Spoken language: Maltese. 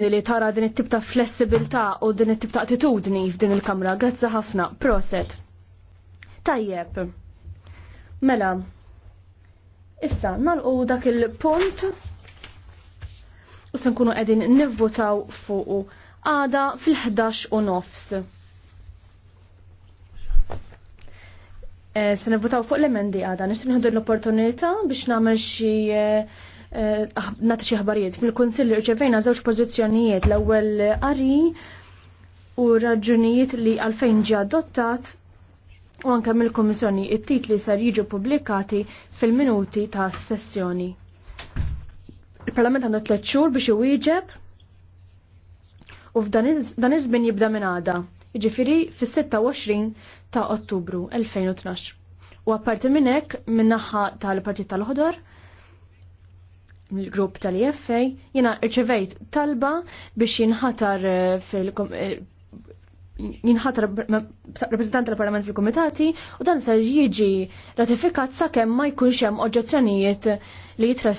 li tara din it-tip ta' flessibilità u din it-tip ta' attitudni f'din il-kamra. Grazzi ħafna. Proset. Tajjeb. Mela. Issa, nalqu dak il-punt u se nkunu qegħdin nivvutaw fuq għada fil-11 u nofs. Eh, se nivvutaw fuq l-emendi għada, nixtieq l-opportunità biex nagħmel xi eh, Eh, ah, nagħti xi ħbarijiet. Fil-Kunsill irċevejna żewġ pożizzjonijiet l-ewwel qari u raġunijiet li għalfejn ġie adottat u anke mill-Kummissjoni it-titli ser jiġu pubblikati fil-minuti ta' sessjoni. Il-Parlament għandu tliet xhur biex iwieġeb u f'dan iż-żmien jibda minn għada, jiġifieri fis-26 ta' Ottubru 2012. U apparti minn hekk min-naħa tal-Partit tal-Ħodor, l-grupp tal-IFA, jina rċevejt talba biex jinħatar eh, fil eh, jinħatar rappresentant tal-Parlament fil-Komitati u dan se jiġi ratifikat sakemm ma jkunx hemm oġġezzjonijiet li jitres